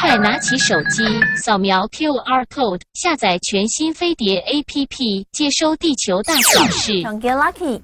快拿起手機，掃描 Q R code，下載全新飛碟 A P P，接收地球大小事。Get lucky，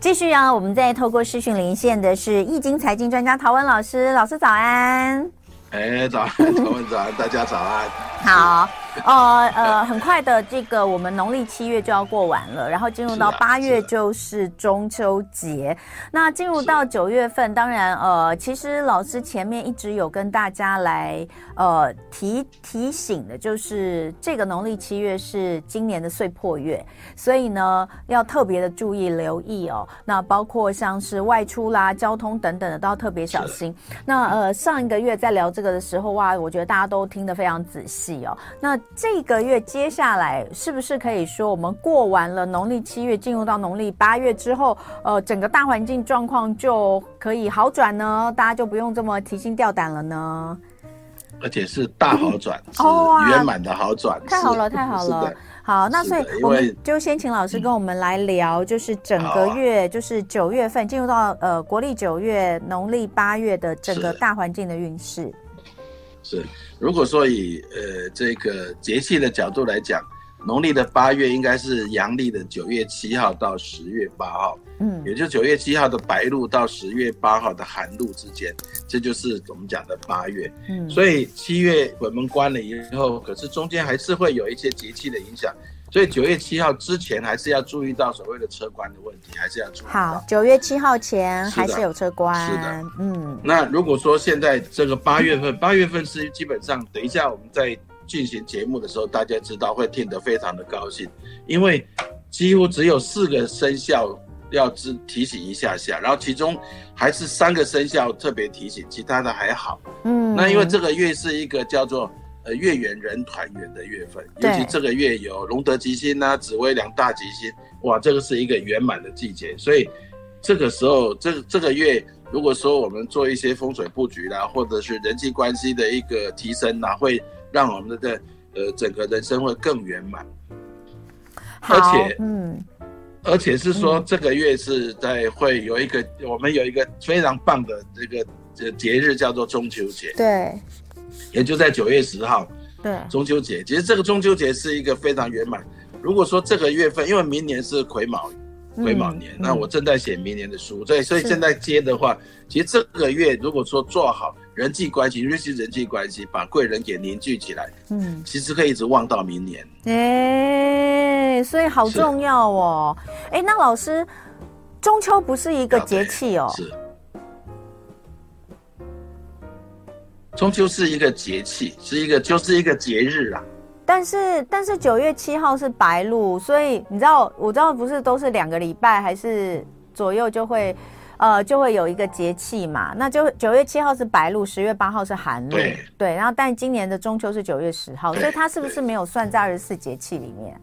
繼 續啊！我們再透過視訊連線的是易經財經專家陶文老師，老師早安。哎、欸，早安，陶文早安，早安 大家早安。 好。呃 呃，很快的，這個我們農曆七月就要過完了，然後進入到八月就是中秋節。啊啊、那進入到九月份，當然呃，其實老師前面一直有跟大家來呃提提醒的，就是這個農曆七月是今年的歲破月，所以呢要特別的注意留意哦。那包括像是外出啦、交通等等的都要特別小心。啊、那呃上一個月在聊這個的時候哇、啊，我覺得大家都聽得非常仔細哦。那這個月接下來是不是可以說，我們過完了農曆七月，進入到農曆八月之後，呃，整個大環境狀況就可以好轉呢？大家就不用這麼提心吊膽了呢。而且是大好轉，哦、嗯、圓滿的好轉，哦啊、是太好了，太好了。的好，那所以我們就先請老師跟我們來聊，就是整個月，就是九月份進入到、啊、呃國曆九月、農曆八月的整個大環境的運勢。是，如果說以呃這個節氣的角度來講，農曆的八月應該是陽曆的九月七號到十月八號，嗯，也就是九月七號的白露到十月八號的寒露之間，這就是我們講的八月。嗯，所以七月鬼門關了以後，可是中間還是會有一些節氣的影響。所以九月七號之前還是要注意到所謂的車關的問題，還是要注意到。好，九月七號前還是有車關。是的，是的嗯。那如果說現在這個八月份，八月份是基本上，等一下我們在進行節目的時候，大家知道會聽得非常的高興，因為幾乎只有四個生肖要提提醒一下下，然後其中還是三個生肖特別提醒，其他的還好。嗯。那因為這個月是一個叫做。呃，月圓人團圓的月份，對尤其這個月有龍德吉星吶、啊、紫微兩大吉星，哇，這個是一個圓滿的季節。所以，這個時候，這這個月，如果說我們做一些風水布局啦，或者是人際關係的一個提升吶、啊，會讓我們的呃整個人生會更圓滿。好而且，嗯，而且是說這個月是在會有一個，嗯、我們有一個非常棒的這個這個、節日叫做中秋節。對。也就在九月十號，對，中秋節。其實這個中秋節是一個非常圓滿。如果說這個月份，因為明年是癸卯，癸卯年，嗯、那我正在寫明年的書，對、嗯，所以正在接的話，是其實這個月如果說做好人際關係，尤其是人際關係，把貴人給凝聚起來，嗯，其實可以一直旺到明年。哎、欸，所以好重要哦。哎是、欸，那老師，中秋不是一個節氣哦。啊、是。中秋是一個節氣，是一個就是一個節日啊。但是但是九月七號是白露，所以你知道我知道不是都是兩個禮拜還是左右就會，呃就會有一個節氣嘛？那就九月七號是白露，十月八號是寒露，對，對。然後但今年的中秋是九月十號，對所以它是不是沒有算在二十四節氣裡面？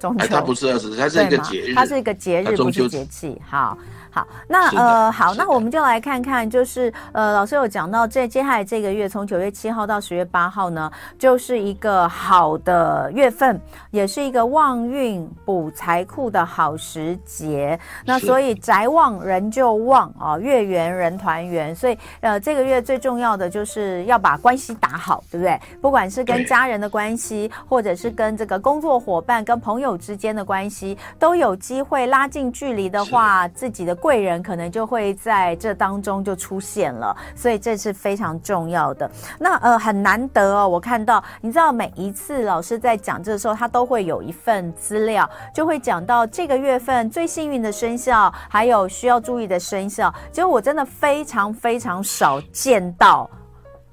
中秋、哎、它不是二十四，它是一個節日，它是一個節日，不是節氣。好。好，那呃，好，那我們就來看看，就是呃，老師有講到這，這接下來這個月，從九月七號到十月八號呢，就是一個好的月份，也是一個旺運補財庫的好時節。的那所以宅旺人就旺啊、呃，月圓人團圓，所以呃，這個月最重要的就是要把關係打好，對不對？不管是跟家人的關係，對或者是跟這個工作伙伴、跟朋友之間的關係，都有機會拉近距離的話，的自己的。貴人可能就會在這當中就出現了，所以這是非常重要的。那呃，很難得哦，我看到，你知道每一次老師在講這的時候，他都會有一份資料，就會講到這個月份最幸運的生肖，還有需要注意的生肖。結果我真的非常非常少見到，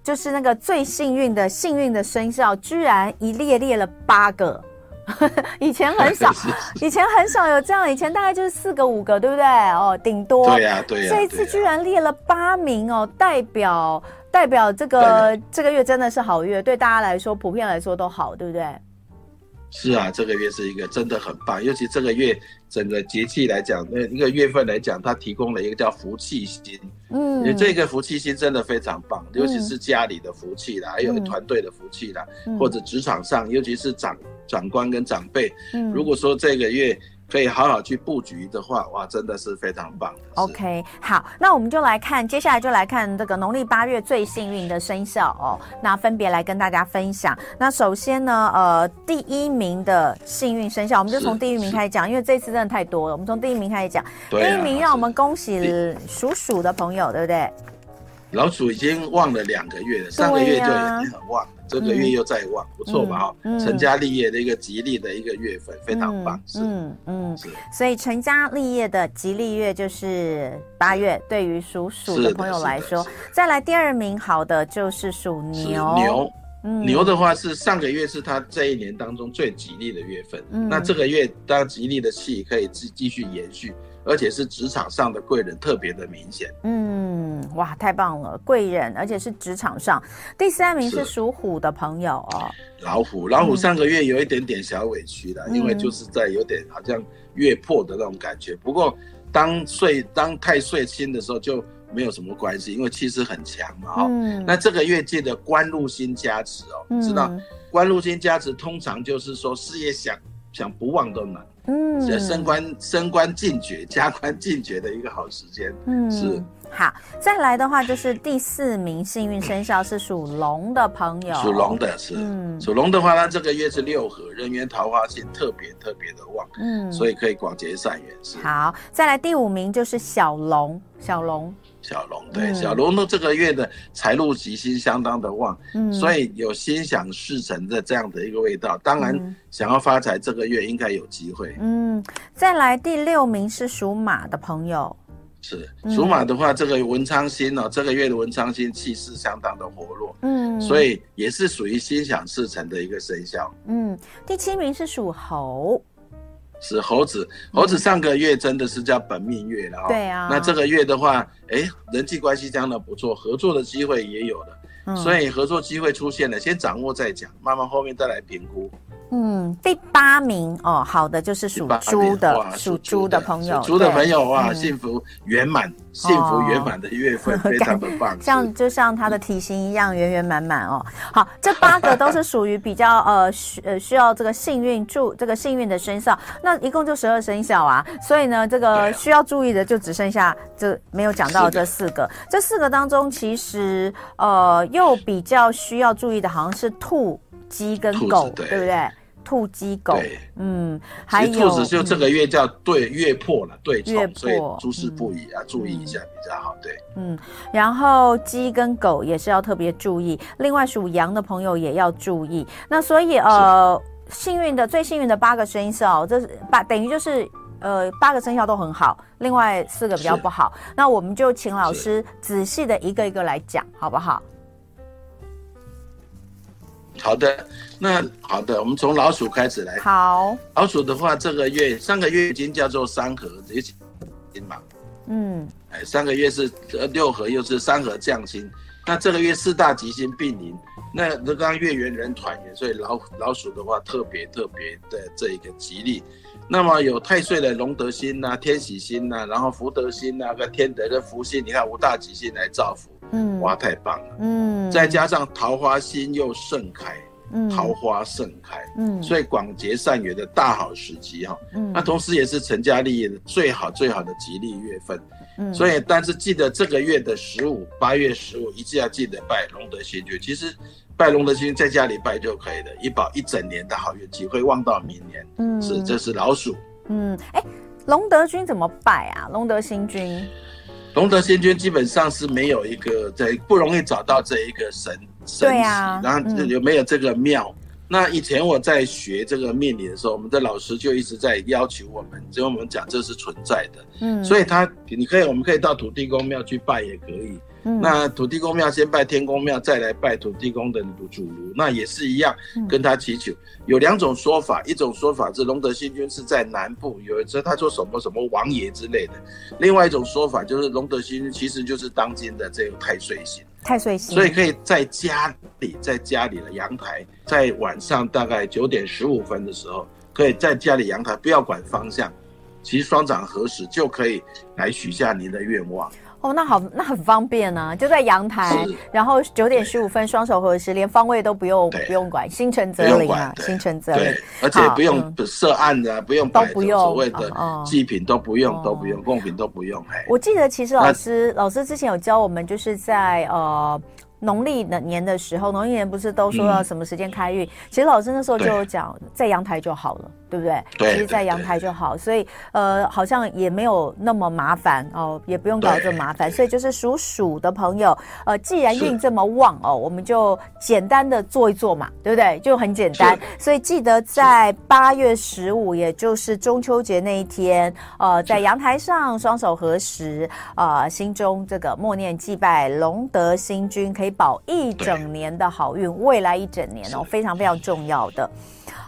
就是那個最幸運的幸運的生肖，居然一列列了八個。 以前很少， 是是以前很少有這樣。以前大概就是四個五個，對不對？哦，頂多。對呀、啊，對呀、啊。對啊、這一次居然列了八名哦，啊、代表代表這個、啊、這個月真的是好月，對大家來說普遍來說都好，對不對？是啊，這個月是一個真的很棒。尤其這個月整個節氣來講，那、呃、一個月份來講，它提供了一個叫福氣星。嗯，這個福氣星真的非常棒，尤其是家裡的福氣啦，嗯、還有團隊的福氣啦，嗯、或者職場上，尤其是長。嗯長官跟長輩，嗯、如果說這個月可以好好去布局的話，哇，真的是非常棒。OK，好，那我們就來看，接下來就來看這個農曆八月最幸運的生肖哦。那分別來跟大家分享。那首先呢，呃，第一名的幸運生肖，我們就從第一名開始講，因為這次真的太多了，我們從第一名開始講。啊、第一名，讓我們恭喜屬鼠是的朋友，對不對？老鼠已經旺了兩個月了，上個月就已經很旺，這個月又再旺，不錯吧？哦，成家立業的一個吉利的一個月份，非常棒。嗯嗯，所以成家立業的吉利月就是八月，對於屬鼠的朋友來說，再來第二名好的就是屬牛。牛，牛的話是上個月是他這一年當中最吉利的月份，那這個月當吉利的氣可以繼繼續延續。而且是職場上的貴人特別的明顯，嗯，哇，太棒了，貴人，而且是職場上。第三名是屬虎的朋友哦，老虎，老虎上個月有一點點小委屈了，嗯、因為就是在有點好像月破的那種感覺，嗯、不過當歲當太歲星的時候就沒有什麼關係，因為氣勢很強嘛、哦，嗯，那這個月記得官祿星加持哦，嗯、知道官祿星加持通常就是說事業想想不旺都難。嗯，升，升官，升官進爵，加官進爵的一個好時間，嗯，是好。再來的話就是第四名幸運生肖是屬龍的朋友，屬龍的是，屬龍、嗯、的話，他這個月是六合，人緣桃花氣特別特別的旺，嗯，所以可以廣結善緣。是好，再來第五名就是小龍，小龍。小龍對，小龍呢，這個月的財路吉星相當的旺，嗯，所以有心想事成的這樣的一個味道。嗯、當然想要發財，這個月應該有機會。嗯，再來第六名是屬馬的朋友，是屬、嗯、馬的話，這個文昌星哦，這個月的文昌星氣勢相當的活絡，嗯，所以也是屬於心想事成的一個生肖。嗯，第七名是屬猴。是猴子，猴子上個月真的是叫本命月了啊、哦。對啊、嗯，那這個月的話，哎、欸，人際關係講得不錯，合作的機會也有了。嗯、所以合作機會出現了，先掌握再講，慢慢後面再來評估。嗯，第八名哦，好的就是屬豬的，屬豬的朋友，屬豬的朋友啊，幸福圓滿，幸福圓滿的月份非常的棒，像就像他的體型一樣圓圓滿滿哦。好，這八個都是屬於比較呃需呃需要這個幸運助這個幸運的生肖，那一共就十二生肖啊，所以呢，這個需要注意的就只剩下這沒有講到這四個，這四個當中其實呃又比較需要注意的，好像是兔。雞跟狗，對不對？兔雞、狗，嗯，還有兔子就這個月叫對月破了，對沖，所以諸事不宜啊，注意一下比較好。對，嗯，然後雞跟狗也是要特別注意，另外屬羊的朋友也要注意。那所以呃，幸運的最幸運的八個生肖，這是八等於就是呃八個生肖都很好，另外四個比較不好。那我們就請老師仔細的一個一個來講，好不好？好的，那好的，我們從老鼠開始來。好，老鼠的話，這個月上個月已經叫做三合，有金嘛。嗯，哎，上個月是六合，又是三合降星。那這個月四大吉星並臨，那剛剛月圓人團圓，所以老老鼠的話特別特別的這一個吉利。那麼有太歲的龍德星吶、啊，天喜星吶，然後福德星吶、啊，天德的福星，你看五大吉星來造福，嗯、哇，太棒了，嗯，再加上桃花星又盛開，桃花盛開，嗯，所以廣結善緣的大好時機哈、哦，嗯、那同時也是成家立業的最好最好的吉利月份，嗯，所以但是記得這個月的十五，八月十五一定要記得拜龍德星君，其實。拜龍德君在家裡拜就可以了，以保一整年的好運氣會旺到明年。嗯，是這是老鼠。嗯，哎，龍德君怎麼拜啊？龍德星君，龍德星君基本上是沒有一個在不容易找到這一個神神，對呀、啊，然後有沒有這個廟？嗯嗯那以前我在學這個命理的時候，我們的老師就一直在要求我們，只有我們講這是存在的，嗯，所以他，你可以，我們可以到土地公廟去拜也可以，嗯，那土地公廟先拜天公廟，再來拜土地公的主，那也是一樣，跟他祈求。嗯，有兩種說法，一種說法是龍德星君是在南部，有一次他說什麼什麼王爺之類的。另外一種說法就是龍德星君其實就是當今的這個太歲星。太隨心，所以可以在家裡，在家裡的陽台，在晚上大概九點十五分的時候，可以在家裡陽台，不要管方向，其實雙掌合十就可以來許下您的願望。哦，那好，那很方便啊！就在陽台，然後九點十五分雙手合十，連方位都不用不用管，心誠則靈啊，心誠則靈，而且不用設案的，不用擺所謂的祭品，都不用，都不用供品，都不用。我記得其實老師老師之前有教我們，就是在呃農曆的年的時候，農曆年不是都說要什麼時間開運？其實老師那時候就有講，在陽台就好了。對不對？其實在陽台就好，對對對，所以呃，好像也沒有那麼麻煩哦，也不用搞這麼麻煩。對所以就是屬鼠的朋友，呃，既然運這麼旺是哦，我們就簡單的做一做嘛，對不對？就很簡單。是所以記得在八月十五是，也就是中秋節那一天，呃，在陽台上雙手合十，啊是、呃，心中這個默念祭拜龍德星君，可以保一整年的好運，對未來一整年哦，是非常非常重要的。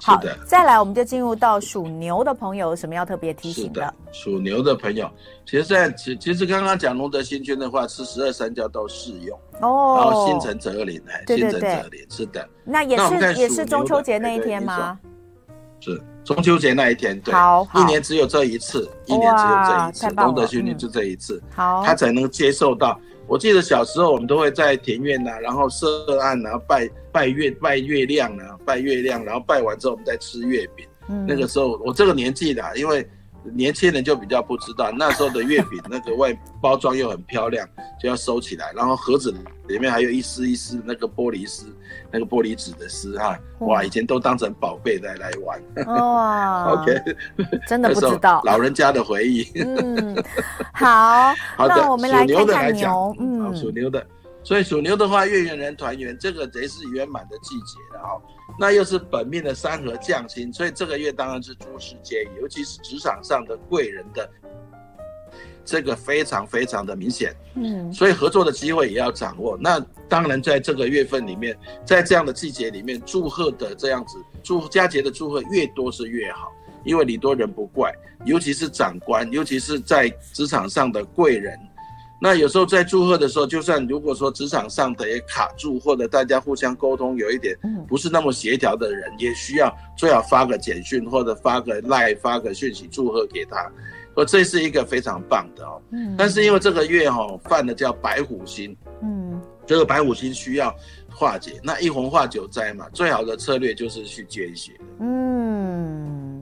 好的，再來我們就進入到屬牛的朋友，有什麼要特別提醒的？屬牛的朋友，其實現在其其實剛剛講龍德星君的話，是十二生肖都適用哦。然後心誠則靈，對對對，心誠則靈。是的。那也是也是中秋節那一天嗎？是中秋節那一天，對，一年只有這一次，一年只有這一次，龍德星君就這一次，好，他才能接受到。我記得小時候我們都會在庭院吶，然後設案，然後拜。拜月拜月亮呢、啊，拜月亮，然後拜完之後，我們再吃月餅。嗯、那個時候我這個年紀啦，因為年輕人就比較不知道那時候的月餅，那個外包裝又很漂亮， 就要收起來，然後盒子裡面還有一絲一絲那個玻璃絲，那個玻璃紙的絲哈、啊，哇，以前都當成寶貝來來玩。哇 ，OK，真的不知道。 老人家的回憶。嗯，好， 好的。我們來牛屬牛的來講，嗯好，屬牛的。所以屬牛的話，月圓人團圓，這個也是圓滿的季節的哈、哦。那又是本命的三合將星，所以這個月當然是諸事皆宜，尤其是職場上的貴人的這個非常非常的明顯。嗯，所以合作的機會也要掌握。那當然在這個月份裡面，在這樣的季節裡面，祝賀的這樣子，祝佳節的祝賀越多是越好，因為禮多人不怪，尤其是長官，尤其是在職場上的貴人。那有時候在祝賀的時候，就算如果說職場上的也卡住，或者大家互相溝通有一點不是那麼協調的人，嗯、也需要最好發個簡訊或者發個賴發個訊息祝賀給他，說這是一個非常棒的哦。嗯，但是因為這個月哦犯的叫白虎星，嗯，這個白虎星需要化解，那一紅化九災嘛，最好的策略就是去捐血。嗯。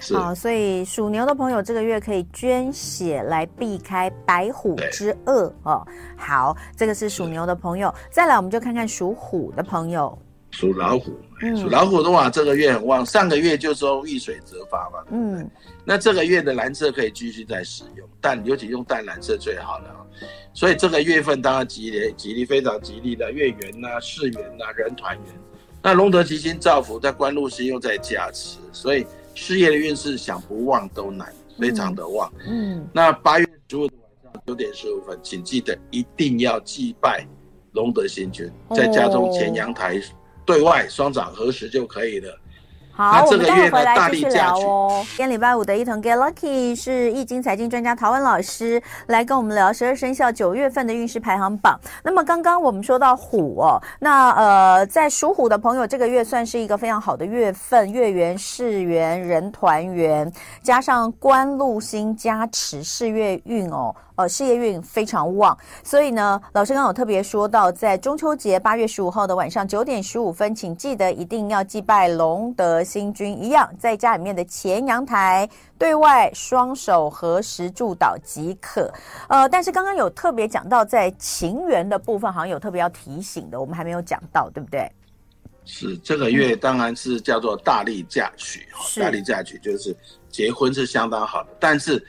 是好，所以屬牛的朋友這個月可以捐血來避開白虎之惡對哦。好，這個是屬牛的朋友。是再來，我們就看看屬虎的朋友。屬老虎，屬、嗯、老虎的話、啊，這個月很旺。上個月就說遇水則發嘛。對對嗯，那這個月的藍色可以繼續在使用，但尤其用淡藍色最好了、哦。所以這個月份當然吉利，吉利非常吉利的月圓吶、啊、事圓吶、人團圓。那龍德吉星造福，在官祿星又在加持，所以。事業的運勢想不旺都難，非常的旺。嗯，嗯那八月十五的晚上九點十五分，請記得一定要祭拜龍德星君，在家中前陽台對外雙掌合十就可以了。好，我們待會回來繼續聊哦。今天禮拜五的《一同 Get Lucky》是易經財經專家陶文老師來跟我們聊十二生肖九月份的運勢排行榜。那麼剛剛我們說到虎哦，那呃，在屬虎的朋友這個月算是一個非常好的月份，月圓事圓人團圓，加上官祿星加持事業運哦。呃，哦、事業運非常旺，所以呢，老師剛剛有特別說到，在中秋節八月十五號的晚上九點十五分，請記得一定要祭拜龍德星君，一樣在家裡面的前陽台對外雙手合十祝禱即可。呃，但是剛剛有特別講到在情緣的部分，好像有特別要提醒的，我們還沒有講到，對不對？是這個月當然是叫做大利嫁娶，哈，大利嫁娶就是結婚是相當好的，但是。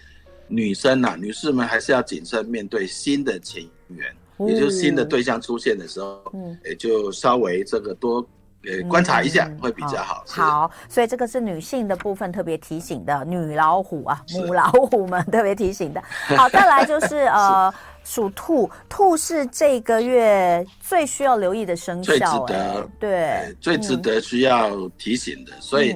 女生啊，女士們還是要謹慎面對新的情緣，也就是新的對象出現的時候，也就稍微這個多，呃，觀察一下會比較好。好，所以這個是女性的部分特別提醒的，女老虎啊，母老虎們特別提醒的。好，再來就是呃，屬兔，兔是這個月最需要留意的生肖，最值得，對，最值得需要提醒的，所以。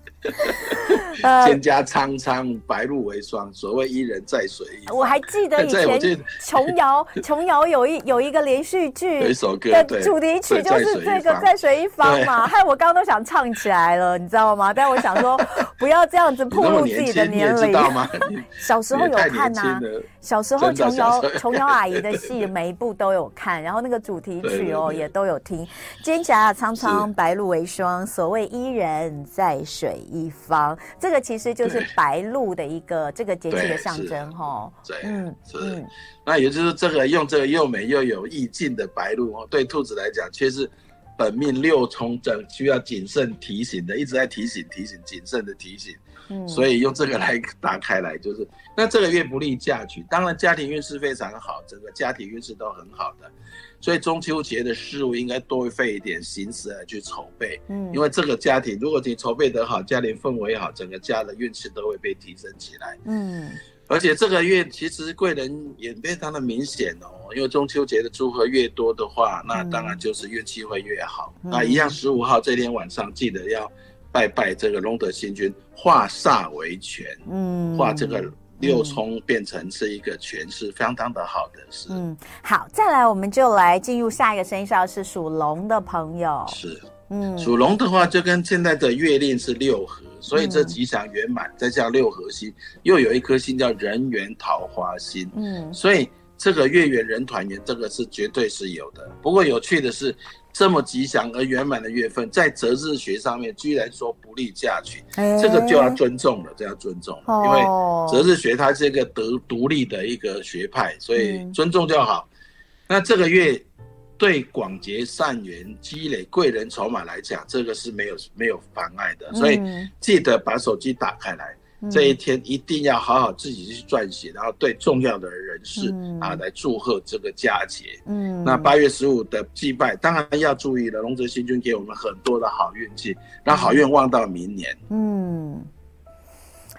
蒹葭蒼蒼， 蒼蒼白露為霜。呃、所謂伊人在水一。我還記得以前瓊瑤， 瓊瑤有一有一個連續劇，主題曲就是這個在水一方嘛。害我剛剛都想唱起來了，你知道嗎？但我想說不要這樣子暴露自己的年齡。小時候有看吶、啊，小時候瓊瑤瓊瑤阿姨的戲每一部都有看，然後那個主題曲哦，對對對，也都有聽。蒹葭蒼蒼，蒼蒼白露為霜。是所謂伊人在水。一方，這個其實就是白露的一個對這個節氣的象徵吼，對。哦、對嗯，是，是嗯，那也就是這個用這個又美又有意境的白露哦，對兔子來講卻是本命六沖，正，需要謹慎提醒的，一直在提醒提醒謹慎的提醒。所以用這個來打開來，就是那這個月不利嫁娶，當然家庭運勢非常好，整個家庭運勢都很好的，所以中秋節的事物應該多費一點心思來去籌備，嗯，因為這個家庭如果你籌備得好，家庭氛圍也好，整個家的運氣都會被提升起來，嗯，而且這個月其實貴人也非常的明顯哦，因為中秋節的祝賀越多的話，那當然就是運氣會越好，嗯，那一樣十五號這天晚上記得要。拜拜，這個龍德星君化煞為權，嗯，化這個六沖變成是一個權，是相當的好的事，是、嗯。好，再來，我們就來進入下一個生肖，是屬龍的朋友，是，嗯，屬龍的話，就跟現在的月令是六合，所以這吉祥圓滿，再叫、嗯、六合星，又有一顆星叫人緣桃花星。嗯，所以這個月圓人團圓，這個是絕對是有的。不過有趣的是。這麼吉祥而圓滿的月份，在擇日學上面居然說不利嫁娶，這個就要尊重了，欸、就要尊重了。哦、因為擇日學它是一個獨獨立的一個學派，所以尊重就好。嗯、那這個月對廣結善緣、積累貴人籌碼來講，這個是沒有沒有妨礙的，所以記得把手機打開來。嗯嗯這一天一定要好好自己去撰寫，然後對重要的人士、嗯、啊來祝賀這個佳節。嗯，那八月十五的祭拜當然要注意了。龍澤星君給我們很多的好運氣，讓好運旺到明年。嗯。嗯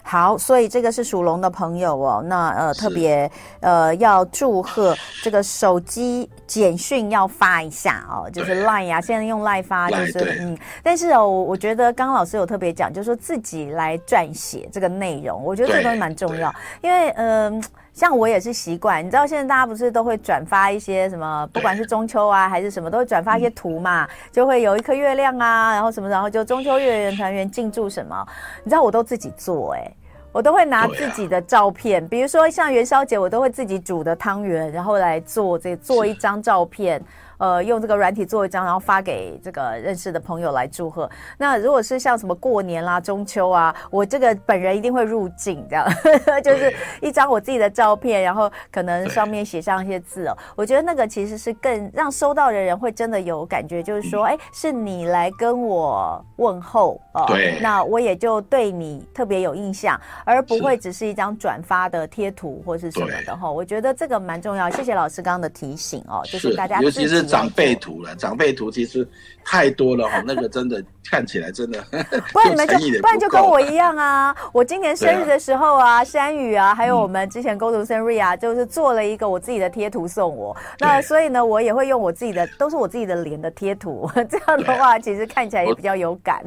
好，所以這個是屬龍的朋友哦，那呃是特別呃要祝賀，這個手機簡訊要發一下哦，對就是 Line 啊，現在用 Line 發就是對嗯，但是哦，我覺得剛剛老師有特別講，就說、是、自己來撰寫這個內容，我覺得這個東西蠻重要，因為嗯。呃像我也是習慣，你知道現在大家不是都會轉發一些什麼，不管是中秋啊還是什麼，都會轉發一些圖嘛，就會有一顆月亮啊，然後什麼，然後就中秋月圓團圓慶祝什麼，你知道我都自己做誒、欸，我都會拿自己的照片，比如說像元宵節我都會自己煮的湯圓，然後來做這做一張照片。呃，用這個軟體做一張，然後發給這個認識的朋友來祝賀。那如果是像什麼過年啦、啊、中秋啊，我這個本人一定會入鏡這樣對 就是一張我自己的照片，然後可能上面寫上一些字哦。對我覺得那個其實是更讓收到的人會真的有感覺，就是說，哎、嗯，是你來跟我問候哦。呃、對那我也就對你特別有印象，而不會只是一張轉發的貼圖或是什麼的哈、哦。對我覺得這個蠻重要，謝謝老師剛剛的提醒哦。就是。大家自己。長輩圖了，長輩圖其實太多了哈， 那個真的 看起來真的。 不然你們就不然就跟我一樣啊， 我今年生日的時候啊，啊山雨啊，還有我們之前共同生日啊，就是做了一個我自己的貼圖送我。啊、那所以呢，我也會用我自己的，啊、都是我自己的臉的貼圖， 這樣的話其實看起來也比較有感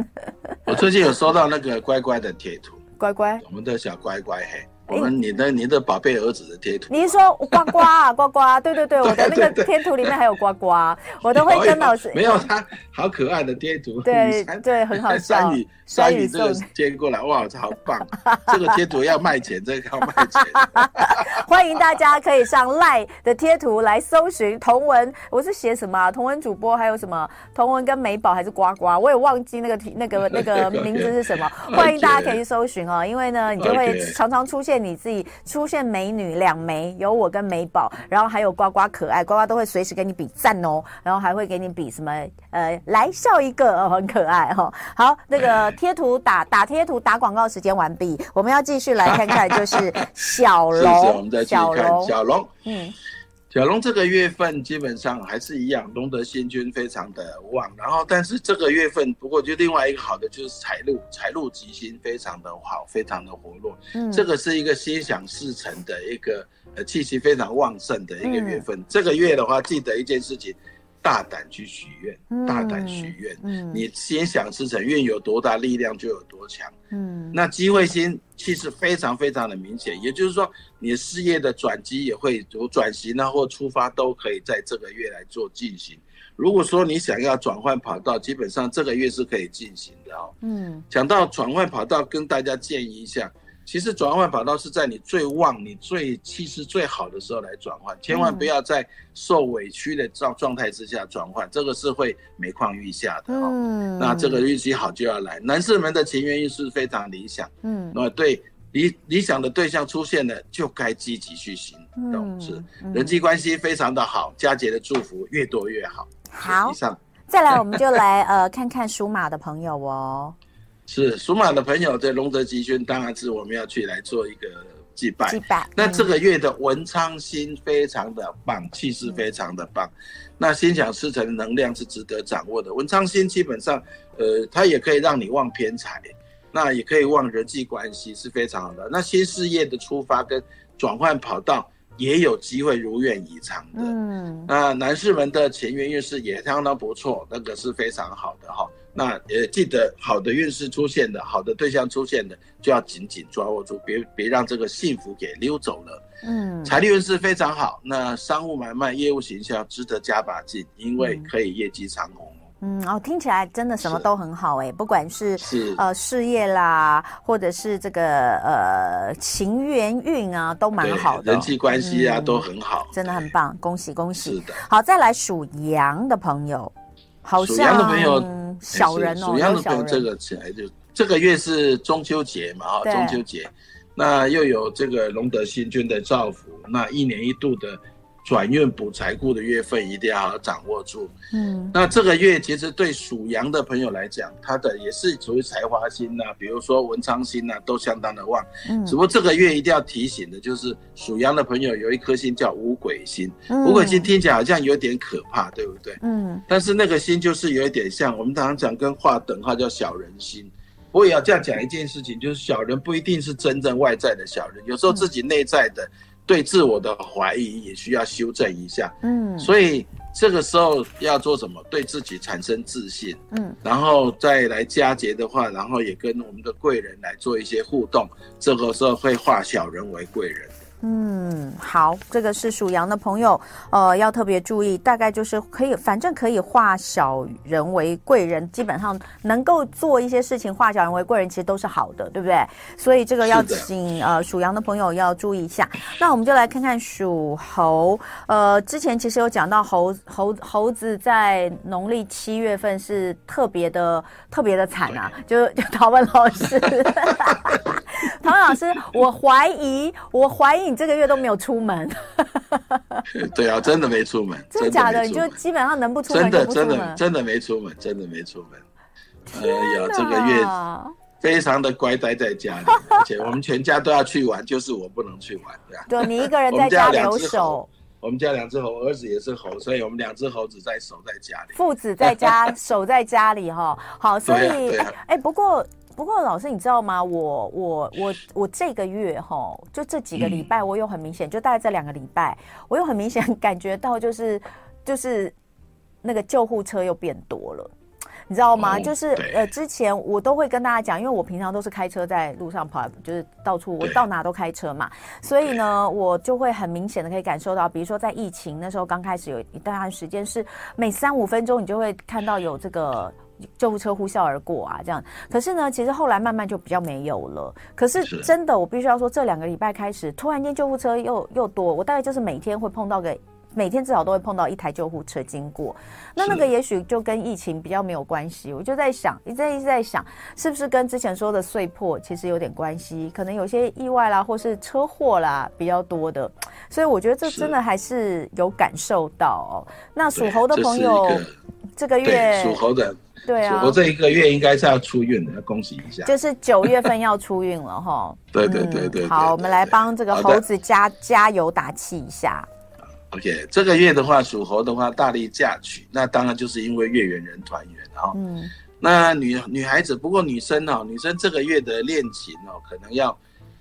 我。 我最近有收到那個乖乖的貼圖，乖乖，我們的小乖乖嘿。我們，你的、你的寶貝兒子的貼圖，你是說呱呱啊？呱呱啊 啊，對對對，我的那個貼圖裡面還有呱呱，對對對，我都會跟老師。沒有他，好可愛的貼圖，對三對，很好笑。所以你這個間過來哇，這好棒！ 這個貼圖要賣錢，這個要賣錢。 歡迎大家可以上 LINE 的貼圖來搜尋彤雯，我是寫什麼彤、啊、雯主播，還有什麼彤雯跟美寶還是呱呱，我也忘記那個題那個那個名字是什麼。 Okay. 歡迎大家可以去搜尋哦，Okay. 因為呢，你就會常常出現你自己出現美女兩枚，有我跟美寶，然後還有呱呱可愛，呱呱都會隨時給你比讚哦，然後還會給你比什麼呃來笑一個哦，很可愛哈、哦。好，那個。貼圖打打貼圖打廣告時間完畢，我們要繼續來看看，就是小龍 龍，小龍，小龍，嗯，小龍這個月份基本上還是一樣，龍德星君非常的旺。然後，但是這個月份不過就另外一個好的就是財路，財路吉星非常的好，非常的活絡。嗯，這個是一個心想事成的一個呃氣息非常旺盛的一個月份。嗯，這個月的話，記得一件事情。大膽去許願，大膽許願，你心想事成，願有多大力量就有多強。嗯，那機會心其實非常非常的明顯，也就是說，你事業的轉機也會有轉型呢，或出發都可以在這個月來做進行。如果說你想要轉換跑道，基本上這個月是可以進行的哦。嗯，講到轉換跑道，跟大家建議一下。其實轉換跑道是在你最旺、你最氣勢最好的時候來轉換，千萬不要在受委屈的狀狀態之下轉換，嗯、這個是會每況愈下的、哦。嗯，那這個運氣好就要來，男士們的情緣運是非常理想。嗯，那、呃、對理理想的對象出現了，就該積極去行動，是、嗯嗯、人際關係非常的好。佳節的祝福越多越好。好， 以上再來我們就來 呃看看屬馬的朋友哦。是屬馬的朋友在龍德吉星當然是我們要去來做一個祭拜。祭拜。嗯、那這個月的文昌星非常的棒，氣勢非常的棒。嗯、那心想事成的能量是值得掌握的。文昌星基本上，呃，它，也可以讓你旺偏財，那也可以旺人際關係，是非常好的。那新事業的出發跟轉換跑道也有機會如願以償的。嗯，那男士們的前緣運勢也相當不錯，那個是非常好的哈。那也記得好的運勢出現的，好的對象出現的，就要緊緊抓握住，別別讓這個幸福給溜走了。嗯，財利運勢非常好，那商務買賣、業務形象值得加把勁，因為可以業績長紅、哦、嗯，哦，聽起來真的什麼都很好哎、欸，是不管是是呃事業啦，或者是這個呃情緣運啊，都蠻好的，人際關係啊、嗯、都很好，真的很棒，對恭喜恭喜。是的好，再來屬羊的朋友，好像。小人主要的這個起來就這個月是中秋節嘛，哦，啊對，中秋節，那又有這個龍德星君的造福，那一年一度的。轉運補財庫的月份一定要掌握住。嗯，那這個月其實對屬羊的朋友來講，他的也是屬於才華星吶，比如說文昌星吶、啊，都相當的旺。嗯，只不過這個月一定要提醒的就是，屬羊的朋友有一顆星叫五鬼星。五、嗯、鬼星聽起來好像有點可怕，對不對？嗯，但是那個星就是有一點像我們常常講跟畫等號叫小人星。我也要這樣講一件事情，就是小人不一定是真正外在的小人，有時候自己內在的。嗯對自我的懷疑也需要修正一下，嗯，所以這個時候要做什麼？對自己產生自信，嗯，然後再來佳節的話，然後也跟我們的貴人來做一些互動，這個時候會化小人為貴人。嗯，好，這個是屬羊的朋友，呃，要特別注意，大概就是可以，反正可以化小人為貴人，基本上能夠做一些事情，化小人為貴人，其實都是好的，對不對？所以這個要請的呃屬羊的朋友要注意一下。那我們就來看看屬猴，呃，之前其實有講到猴猴猴子在農曆七月份是特別的特別的慘啊，就就陶文老師。 陶老師，我懷疑，我懷疑你這個月都沒有出門。對啊，真的沒出門，真的假的？你就基本上能不出門。真的真的真的沒出門，真的沒出門。哎呀，這個月非常的乖，待在家裡。而且我們全家都要去玩，就是我不能去玩，對對，你一個人在家留守。我們家兩隻猴，兒子也是猴，所以我們兩隻猴子在守在家裡。父子在家守在家裡哈，好，所以哎，不過。不過老師，你知道嗎？我我我我這個月哈，就這幾個禮拜，我有很明顯，嗯、就大概這兩個禮拜，我有很明顯感覺到，就是就是那個救護車又變多了，你知道嗎？哦、就是對呃，之前我都會跟大家講，因為我平常都是開車在路上跑，就是到處對我到哪都開車嘛，對所以呢，對我就會很明顯的可以感受到，比如說在疫情那時候剛開始有一段時間是每三五分鐘你就會看到有這個。救護車呼嘯而過啊，這樣。可是呢，其實後來慢慢就比較沒有了。可是真的，是我必須要說，這兩個禮拜開始，突然間救護車又又多。我大概就是每天會碰到個，每天至少都會碰到一台救護車經過。那那個也許就跟疫情比較沒有關係。是我就在想，一直一直在想，是不是跟之前說的歲破其實有點關係？可能有些意外啦，或是車禍啦比較多的。所以我覺得這真的還是有感受到喔。是那屬猴的朋友，這個，這個月屬猴的。對啊，屬猴這一個月應該是要出運的，要恭喜一下。就是九月份要出運了哈。對對對對。好，我們來幫這個猴子加對加油打氣一下。OK，這個月的話，屬猴的話，大力嫁娶，那當然就是因為月圓人團圓啊。哦、嗯。那女女孩子，不過女生哦、啊，女生這個月的戀情哦，可能要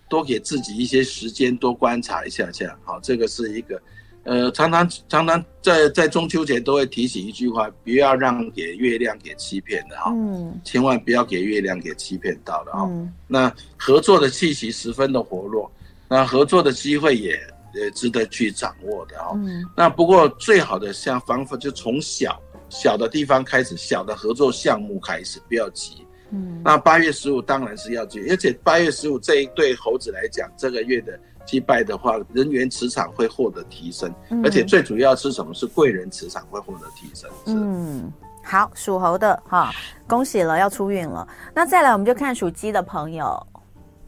多給自己一些時間，多觀察一下這樣。好、哦，這個是一個。呃，常常常常在在中秋節都會提醒一句話，不要讓給月亮給欺騙的哈、哦，嗯、千萬不要給月亮給欺騙到的哈、哦。嗯、那合作的氣息十分的活絡，那合作的機會也也值得去掌握的哈、哦。嗯、那不過最好的像方法就從小小的地方開始，小的合作項目開始，不要急。嗯，那八月十五當然是要去，而且八月十五這一對猴子來講，這個月的。祭拜的話，人緣磁場會獲得提升，嗯、而且最主要是什麼？是貴人磁場會獲得提升。是嗯，好，屬猴的哈，恭喜了，要出運了。那再來，我們就看屬雞的朋友。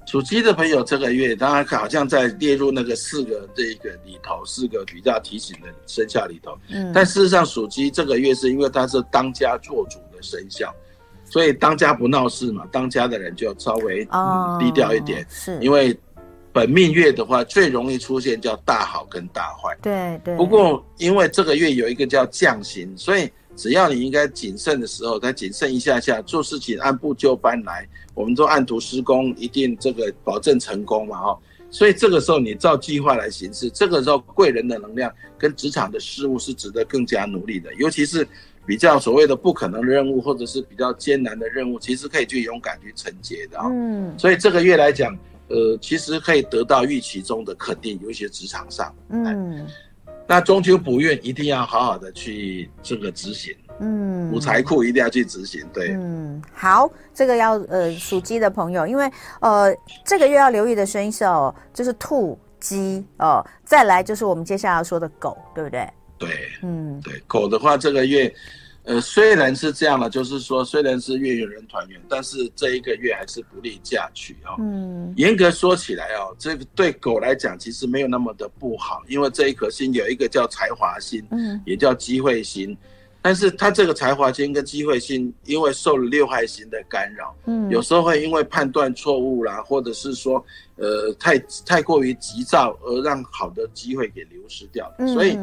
屬雞的朋友，這個月當然好像在列入那個四個這一個裡頭，四個比較提醒的生肖裡頭。嗯，但事實上，屬雞這個月是因為它是當家做主的生肖，所以當家不鬧事嘛，當家的人就要稍微、嗯嗯、低調一點，嗯、是因為。本命月的話，最容易出現叫大好跟大壞。對對。不過，因為這個月有一個叫將星，所以只要你應該謹慎的時候，再謹慎一下下做事情，按部就班來，我們做按圖施工，一定這個保證成功嘛、哦！哈，所以這個時候你照計劃來行事。這個時候貴人的能量跟職場的事務是值得更加努力的，尤其是比較所謂的不可能的任務，或者是比較艱難的任務，其實可以去勇敢去承接的、哦、嗯。所以這個月來講。呃，其實可以得到預期中的肯定，有一些職場上，嗯，那中秋補運一定要好好的去這個執行，嗯，補財庫一定要去執行，對，嗯、好，這個要呃屬雞的朋友，因為呃這個月要留意的生肖就是兔雞、雞、呃、哦，再來就是我們接下來要說的狗，對不對？對，嗯，對，狗的話這個月。呃，雖然是這樣了，就是說，雖然是月圓人團圓，但是這一個月還是不利嫁娶哦。嗯，嚴格說起來哦，這個對狗來講其實沒有那麼的不好，因為這一顆星有一個叫才華星，嗯，也叫機會星，但是他這個才華星跟機會星，因為受了六害星的干擾，嗯，有時候會因為判斷錯誤啦，或者是說，呃，太太過於急躁而讓好的機會給流失掉了，嗯，所以。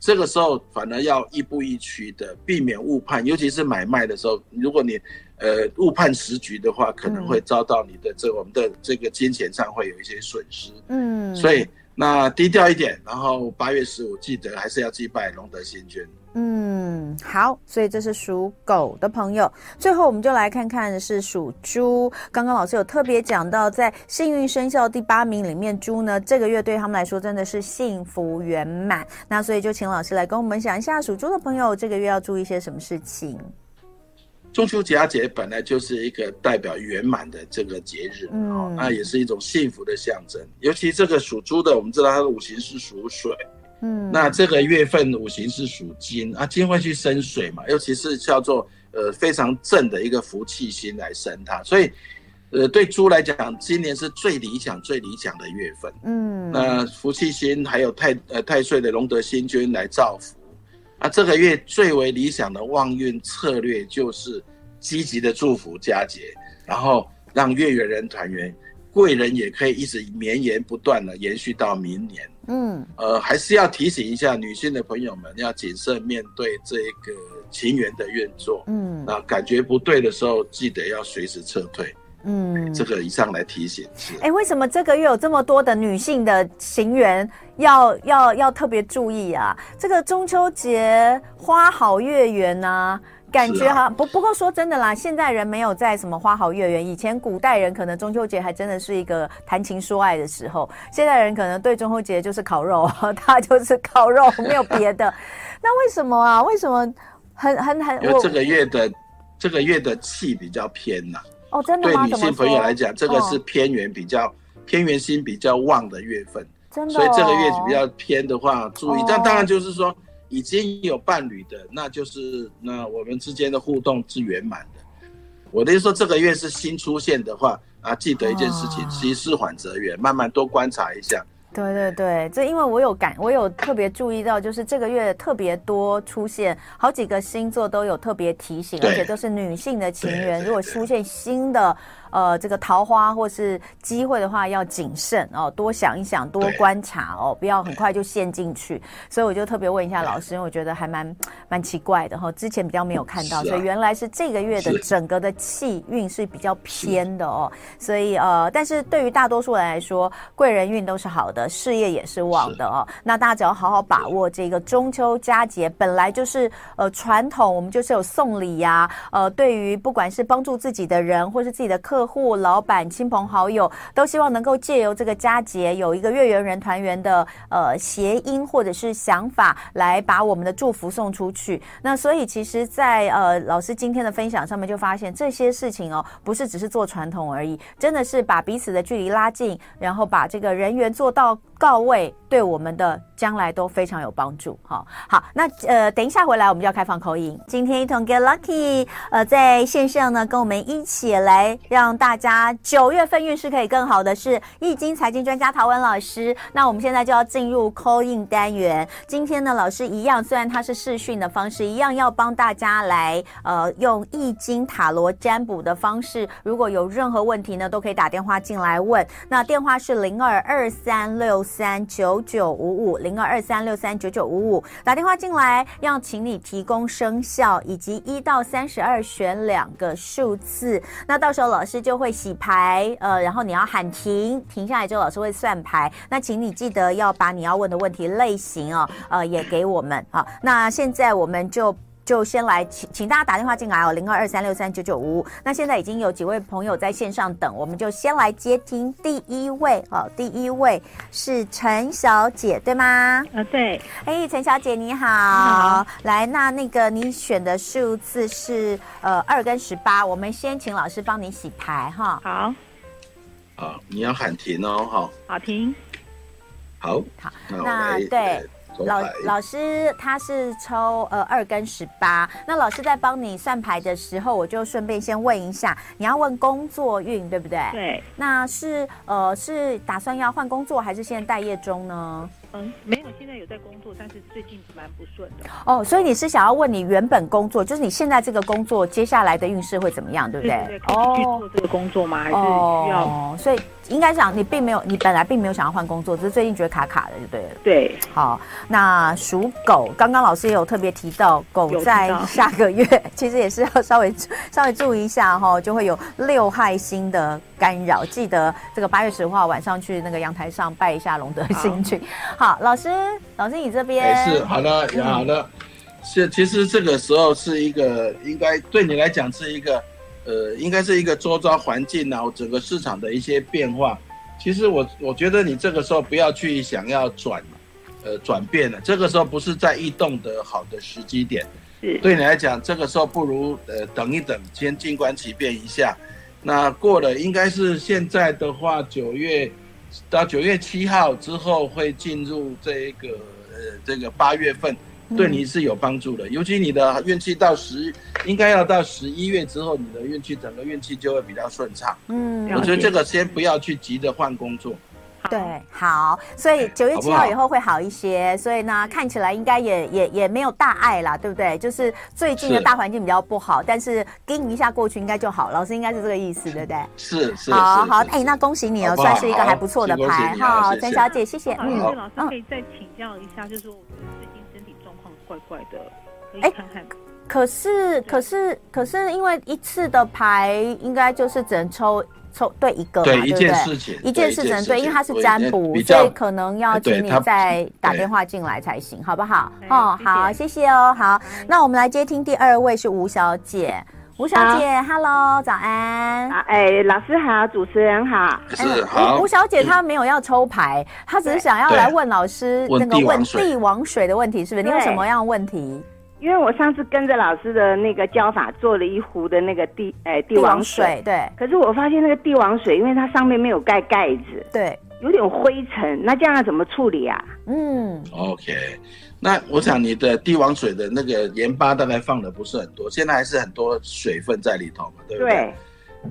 這個時候反而要亦步亦趨的，避免誤判，尤其是買賣的時候，如果你呃誤判時局的話，可能會遭到你的這個嗯、我們的這個金錢上會有一些損失。嗯，所以那低調一點，然後八月十五記得還是要祭拜龍德新君。嗯，好，所以這是屬狗的朋友。最後，我們就來看看是屬豬。剛剛老師有特別講到，在幸運生肖第八名裡面，豬呢，這個月對他們來說真的是幸福圓滿。那所以就請老師來跟我們講一下，屬豬的朋友這個月要注意些什麼事情。中秋節啊，節本來就是一個代表圓滿的這個節日，嗯、哦，那也是一種幸福的象徵。尤其這個屬豬的，我們知道它的五行是屬水。嗯，那這個月份五行是屬金啊，金會去生水嘛，尤其是叫做呃非常正的一個福氣星來生它，所以，呃對豬來講，今年是最理想最理想的月份。嗯，那福氣星還有太呃太歲的龍德星君來造福，啊。這個月最為理想的旺運策略就是積極的祝福佳節，然後讓月圓人團圓。貴人也可以一直綿延不斷的延續到明年。嗯，呃，還是要提醒一下女性的朋友們，要謹慎面對這一個情緣的運作。嗯，那、啊、感覺不對的時候，記得要隨時撤退。嗯，這個以上來提醒是。哎、欸，為什麼這個月有這麼多的女性的情緣要要要特別注意啊？這個中秋節花好月圓吶、啊。感覺哈、啊啊，不不過說真的啦，現在人沒有在什麼花好月圓，以前古代人可能中秋節還真的是一個談情說愛的時候，現代人可能對中秋節就是烤肉，他就是烤肉，沒有別的。 那為什麼啊？為什麼很很很？很我因為這個月的這個月的氣比較偏吶、啊。哦，真的嗎？對女性朋友來講，這個是偏圓比較、哦、偏圓心比較旺的月份，真的哦，所以這個月比較偏的話，注意。哦、但當然就是說。已經有伴侶的，那就是那我們之間的互動是圓滿的。我的意思說，這個月是新出現的話啊，記得一件事情，急事、哦、緩則圓，慢慢多觀察一下。對對對，這因為我有感，我有特別注意到，就是這個月特別多出現，好幾個星座都有特別提醒，對而且都是女性的情人，對對對對，如果出現新的。呃，這個桃花或是機會的話，要謹慎哦，多想一想，多觀察對哦，不要很快就陷進去。對所以我就特別問一下老師，對因為我覺得還蠻蠻奇怪的哈、哦，之前比較沒有看到，啊、所以原來是這個月的整個的氣運是比較偏的哦。啊、所以呃，但是對於大多數人來說，貴人運都是好的，事業也是旺的哦。是那大家只要好好把握這個中秋佳節，對本來就是呃傳統，我們就是有送禮呀、啊，呃，對於不管是幫助自己的人或是自己的客戶。戶老板親朋好友都希望能夠借由這個佳節有一個月圓人團圓的呃諧音或者是想法來把我們的祝福送出去。那所以其實在，在呃老師今天的分享上面就發現這些事情哦，不是只是做傳統而已，真的是把彼此的距離拉近，然後把這個人緣做到。告慰，對我們的將來都非常有幫助。好、哦，好，那呃，等一下回來我們就要開放 call in。今天一同 Get Lucky，呃，在線上呢，跟我們一起來，讓大家九月份運勢可以更好的是易經財經專家陶文老師。那我們現在就要進入 call in 單元。今天呢，老師一樣，雖然他是視訊的方式，一樣要幫大家來呃，用易經塔羅占卜的方式。如果有任何問題呢，都可以打電話進來問。那電話是零二二三六。三九九五五零二二三六三九九五五，打電話進來，要請你提供生肖以及一到三十二選兩個數字。那到時候老師就會洗牌，呃，然後你要喊停，停下來之後老師會算牌。那請你記得要把你要問的問題類型啊，呃，也給我們，好，那現在我們就。就先來請，請大家打電話進來哦、喔，零二二三六三九九五五。那現在已經有幾位朋友在線上等，我們就先來接聽第一位哦、喔，第一位是陳小姐，對嗎？啊，對。哎、欸，陳小姐你好。你好。來，那那個你選的數字是呃二跟十八，我們先請老師幫你洗牌哈。好，好。你要喊停哦，好，哦，好，停。好。好。那，那對。老老師，他是抽呃二跟十八。那老師在幫你算牌的時候，我就順便先問一下，你要問工作運對不對？對。那是呃，是打算要換工作，還是現在待業中呢？嗯，沒有，現在有在工作，但是最近蠻不順的。哦，所以你是想要問你原本工作，就是你現在這個工作，就是你現在這個工作，接下來的運勢會怎麼樣，對不對？對，對，哦，去做這個工作嗎？還是需要哦，所以。應該講、啊、你並沒有，你本來並沒有想要換工作，只是最近覺得卡卡的就對了。對，對，對，好，那屬狗，剛剛老師也有特別提到，狗在下個月其實也是要稍微稍微注意一下哈、哦，就會有六害星的干擾，記得這個八月十五號晚上去那個陽台上拜一下龍德星君好。好，老師，老師你這邊沒事，好的，好的，是其實這個時候是一個應該對你來講是一個。呃，應該是一個周遭環境啊，然後整個市場的一些變化。其實我我覺得你這個時候不要去想要轉，呃，轉變了。這個時候不是在異動的好的時機點，是對你來講，這個時候不如呃等一等，先靜觀其變一下。那過了應該是現在的話，九月到九月七號之後會進入這一個呃這個八月份。對你是有幫助的，尤其你的運氣到十，應該要到十一月之後，你的運氣整個運氣就會比較順暢。嗯，我覺得這個先不要去急着換工作。對，好，所以九月七號以後會好一些，所以呢，看起來應該也也也沒有大礙啦，對不對？就是最近的大環境比較不好，但是給你一下過去應該就好。老師應該是這個意思，對不對？是是，好好，哎，那恭喜你哦，算是一個還不錯的牌。好，陳小姐，謝謝。嗯，老師可以再請教一下，就是我們這。怪怪的，哎、欸，可是可是對可是，可是因為一次的牌應該就是只能抽抽對一個嘛，對，對，不對？一件事情，一件事情只能對，對件件因為它是占卜，所以可能要請你再打電話進來才行，好不好？哦、欸，謝謝，好，謝謝哦，好，對那我們來接聽第二位是吳小姐。胡小姐好，Hello，早安。哎、啊欸，老師好，主持人好。是。胡、欸、小姐她沒有要抽牌，她、嗯、只是想要來問老師那對個問帝王，帝王水的問題，是不是？對你有什麼樣的問題？因為我上次跟着老師的那個教法做了一壺的那個地、欸、帝哎帝王水，對。可是我發現那個帝王水，因為它上面沒有蓋蓋子，對，有點灰塵，那這樣要怎麼處理啊？嗯。OK。那我想你的帝王水的那個鹽巴大概放的不是很多，現在還是很多水分在裡頭嘛，對不對？對。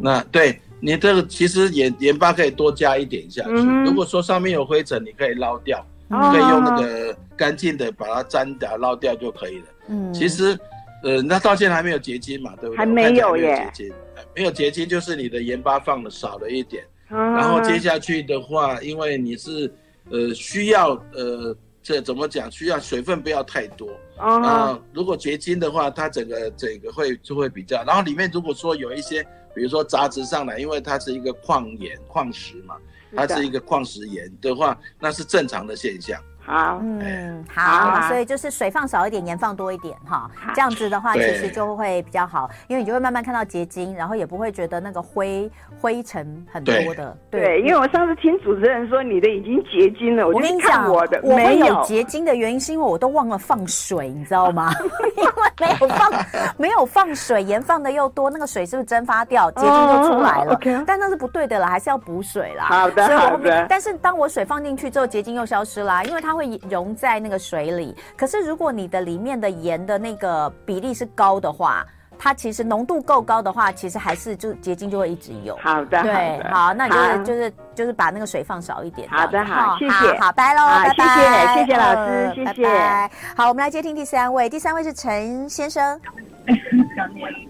那對你這個其實鹽鹽巴可以多加一點下去。嗯。如果說上面有灰塵，你可以撈掉，哦、你可以用那個乾淨的把它沾掉撈掉就可以了。嗯。其實，呃，那到現在還沒有結晶嘛，對不對？還沒，還沒有結晶，沒有結晶就是你的鹽巴放的少了一點。哦。然後接下去的話，嗯。因為你是呃需要呃。這怎麼講？需要水分不要太多啊，uh huh. 呃，如果結晶的話，它整個整個會就會比較。然後裡面如果說有一些，比如說雜質上來，因為它是一個礦鹽礦石嘛，它是一個礦石鹽的話，uh huh. 那是正常的現象。啊，嗯，好，所以就是水放少一點，鹽放多一點哈，這樣子的話其實就會比較好，因為你就會慢慢看到結晶，然後也不會覺得那個灰灰塵很多的。對，因為我上次聽主持人說你的已經結晶了，我跟你講我的沒有結晶的原因是因為我都忘了放水，你知道嗎？因為沒有放沒有放水，鹽放的又多，那個水是不是蒸發掉結晶就出來了？但那是不對的了，還是要補水啦。好的。但是當我水放進去之後，結晶又消失啦，因為它會溶在那個水裡，可是如果你的裡面的鹽的那個比例是高的話，它其實濃度夠高的話，其實還是就結晶就會一直有。好的，對，好，那你就是就是就是把那個水放少一點。好的，好，謝謝，好，拜嘍，謝謝，謝謝老師，謝謝。好，我們來接聽第三位，第三位是陳先生，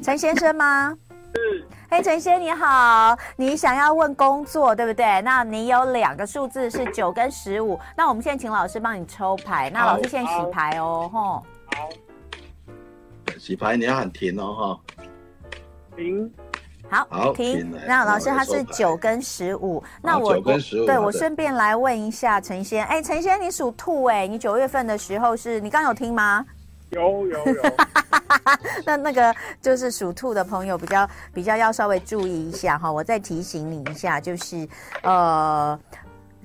陳先生嗎？嗯。哎，陳先你好，你想要問工作對不對？那你有兩個數字是九跟十五，那我們現在請老師幫你抽牌。那老師現在洗牌哦，吼。好，哼，好，洗牌你要喊停哦，哈。停。好，好停。停，那老師他是九跟十五，那我對我順便來問一下陳先，哎，陳先你屬兔哎、欸，你九月份的時候是你剛剛有聽嗎？有有有，有有 那那個就是屬兔的朋友比較比較要稍微注意一下哈，我再提醒你一下，就是呃，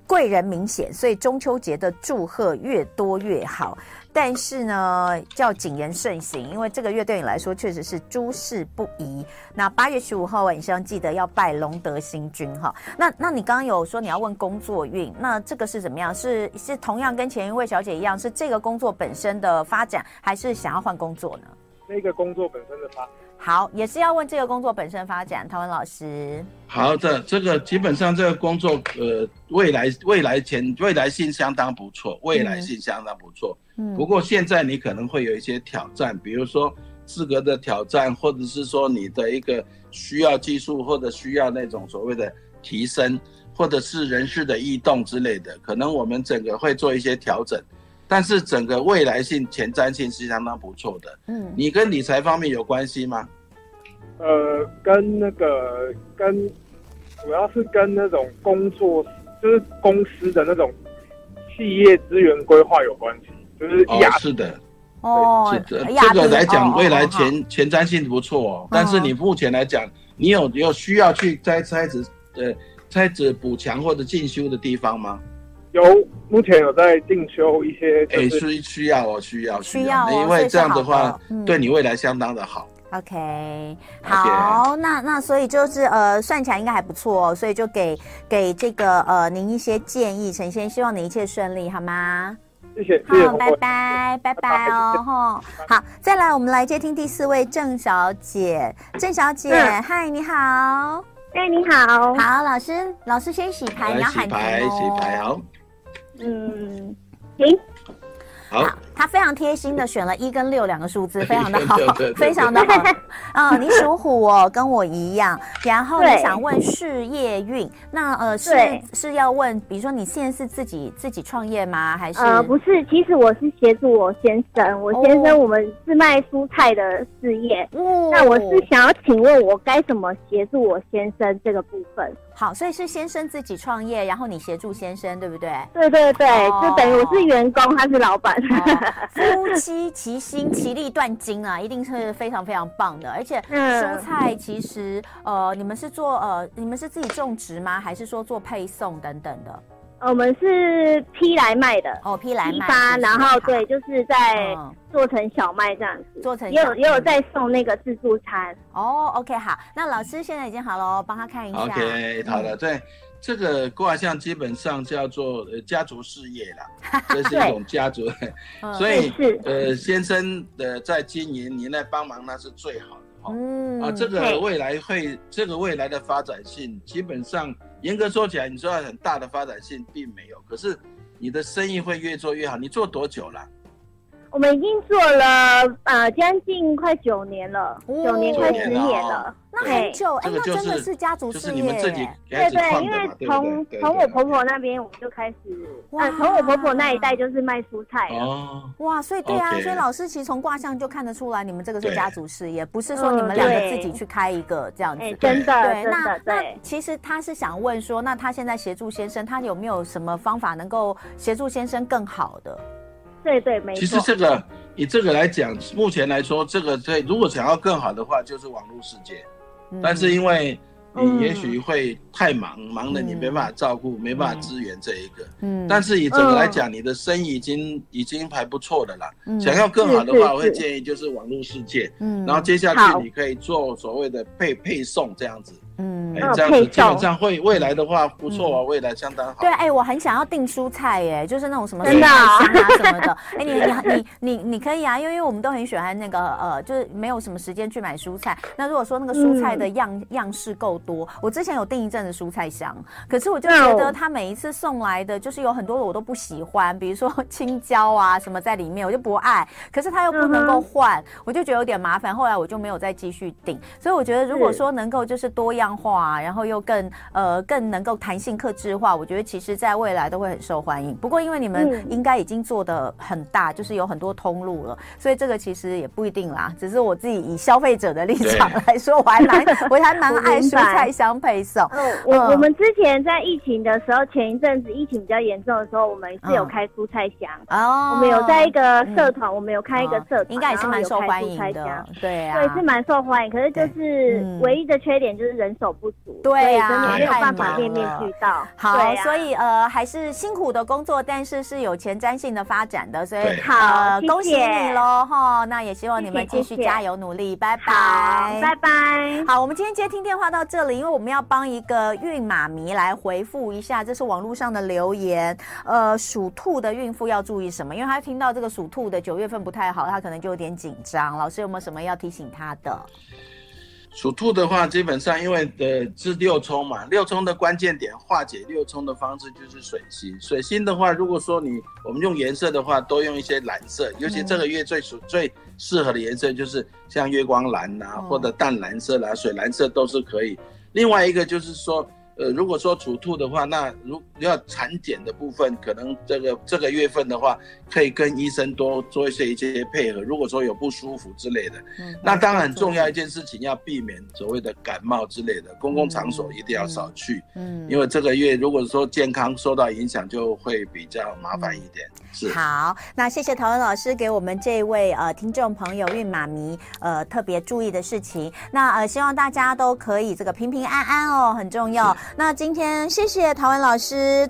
貴人明顯，所以中秋節的祝賀越多越好。但是呢，叫謹言慎行，因為這個月對你來說確實是諸事不宜。那八月十五號晚上記得要拜龍德星君哈。那那你剛剛有說你要問工作運，那這個是怎麼樣？是是同樣跟前一位小姐一樣，是這個工作本身的發展，還是想要換工作呢？那個工作本身的發展，好，也是要問這個工作本身發展，陶文老師。好的，這個基本上這個工作，呃，未來未來前未來性相當不錯，未來性相當不錯。嗯，不過現在你可能會有一些挑戰，嗯、比如說資格的挑戰，或者是說你的一個需要技術或者需要那種所謂的提升，或者是人事的異動之類的，可能我們整個會做一些調整。但是整個未來性、前瞻性是相當不錯的。嗯，你跟理財方面有關係嗎、嗯？呃，跟那個跟主要是跟那種工作，就是公司的那種企業資源規劃有關係。就是、哦、是的，哦，這個來講未來前、哦、前瞻性不錯、喔。哦好，但是你目前來講，你有有需要去摘摘子呃拆子補強或者進修的地方嗎？有目前有在進修一些，哎，是需要哦，需要需要，因為這樣的話對你未來相當的好。OK，好，那那所以就是呃，算起來應該還不錯哦，所以就給給這個呃您一些建議，陳先生，希望你一切順利，好嗎？謝謝，好，拜拜，拜拜哦，吼，好，再來我們來接聽第四位鄭小姐，鄭小姐，嗨，你好，哎，你好，好，老師，老師先洗牌，要洗牌，洗牌好。嗯，行，好，他非常貼心的選了一跟六兩個數字，非常的好， 對對對對非常的好。啊對、嗯，你屬虎，哦，跟我一樣。然後你想問事業運，對那呃對是是要問，比如說你現在是自己自己創業嗎？還是？呃，不是，其實我是協助我先生，我先生我們是賣蔬菜的事業。哦、那我是想要請問，我該怎麼協助我先生這個部分？好，所以是先生自己創業，然後你協助先生，對不對？對對對，哦、就等於我是員工，他是老闆。夫妻齊心，其利斷金啊，一定是非常非常棒的。而且蔬菜其實，嗯、呃，你們是做呃，你們是自己種植嗎？還是說做配送等等的？我們是批來賣的哦，批來賣，然後對，就是在做成小麥這樣子，做成也有也有在送那個自助餐哦。OK，好，那老師現在已經好了，哦，幫他看一下。OK，好的，對，這個卦象基本上叫做家族事業了，這是一種家族，所以是呃，先生的在經營，您來幫忙那是最好的哦。啊，這個未來會，這個未來的發展性基本上。嚴格說起來，你知道很大的發展性並沒有。可是，你的生意會越做越好。你做多久了？我們已經做了呃，將近快九年了，九年快十年了，那很久哎，那真的是家族事業。對對，因為從從我婆婆那邊我們就開始，從我婆婆那一代就是賣蔬菜哇，所以對啊，所以老師其實從卦象就看得出來，你們這個是家族事業，不是說你們兩個自己去開一個這樣子。哎，真的，對，那那其實他是想問說，那他現在協助先生，他有沒有什麼方法能夠協助先生更好的？對對，其實這個以這個來講，目前來說，這個對。如果想要更好的話，就是網絡世界。但是因為你也許會太忙，忙的你沒辦法照顧，沒辦法支援這一個。嗯，但是以整個來講，你的生意已經已經還不錯的啦。想要更好的話，我會建議就是網絡世界。嗯，然後接下去你可以做所謂的配配送這樣子。嗯、欸，這樣子基本上會未，未來的話不錯啊，嗯、未來相當好。對、啊，哎、欸，我很想要訂蔬菜、欸，哎，就是那種什麼蔬菜箱啊什麼的。哎 Yeah.、欸，你你你你你，你可以啊，因為我們都很喜歡那個呃，就是沒有什麼時間去買蔬菜。那如果說那個蔬菜的樣、嗯、樣式夠多，我之前有訂一陣子蔬菜箱，可是我就覺得他每一次送來的就是有很多的我都不喜歡，比如說青椒啊什麼在裡面，我就不愛。可是他又不能夠換，嗯、哼我就覺得有點麻煩。後來我就沒有再繼續訂，所以我覺得如果說能夠就是多樣化，然後又更呃更能夠彈性、客製化，我覺得其實在未來都會很受歡迎。不過因為你們應該已經做得很大，嗯、就是有很多通路了，所以這個其實也不一定啦。只是我自己以消費者的立場來說，對我還蠻我還蠻愛蔬菜箱配送。嗯、我我們之前在疫情的時候，前一陣子疫情比較嚴重的時候，我們是有開蔬菜箱。哦、嗯，我們有在一個社團，嗯、我們有開一個社團、嗯嗯，應該也是蠻受歡迎的。對啊，對是蠻受歡迎，可是就是、嗯、唯一的缺點就是人。手不足，對呀、啊，沒有辦法面面俱到。好，啊、所以呃還是辛苦的工作，但是是有前瞻性的發展的，所以對、呃、好，謝謝恭喜你嘍哈！那也希望你們繼續加油努力，謝謝謝謝拜拜，拜拜。好，我們今天接聽電話到這裡，因為我們要幫一個孕媽咪來回復一下，這是網絡上的留言。呃，屬兔的孕婦要注意什麼？因為她聽到這個屬兔的九月份不太好，她可能就有點緊張。老師有沒有什麼要提醒她的？屬兔的話，基本上因為呃是六沖嘛，六沖的關鍵點化解六沖的方式就是水星。水星的話，如果說你我們用顏色的話，多用一些藍色，尤其這個月最屬、嗯、最適合的顏色就是像月光藍吶、啊，嗯、或者淡藍色啦、啊、水藍色都是可以。另外一個就是說，呃，如果說屬兔的話，那如果要產檢的部分，可能這個這個月份的話。可以跟醫生多做一些一些配合。如果說有不舒服之類的，嗯，那當然很重要一件事情要避免所謂的感冒之類的，嗯、公共場所一定要少去，嗯，嗯，因為這個月如果說健康受到影響，就會比較麻煩一點。嗯、是，好，那謝謝陶文老師給我們這一位呃聽眾朋友孕媽咪呃特別注意的事情。那呃希望大家都可以這個平平安安哦，很重要。嗯、那今天謝謝陶文老師。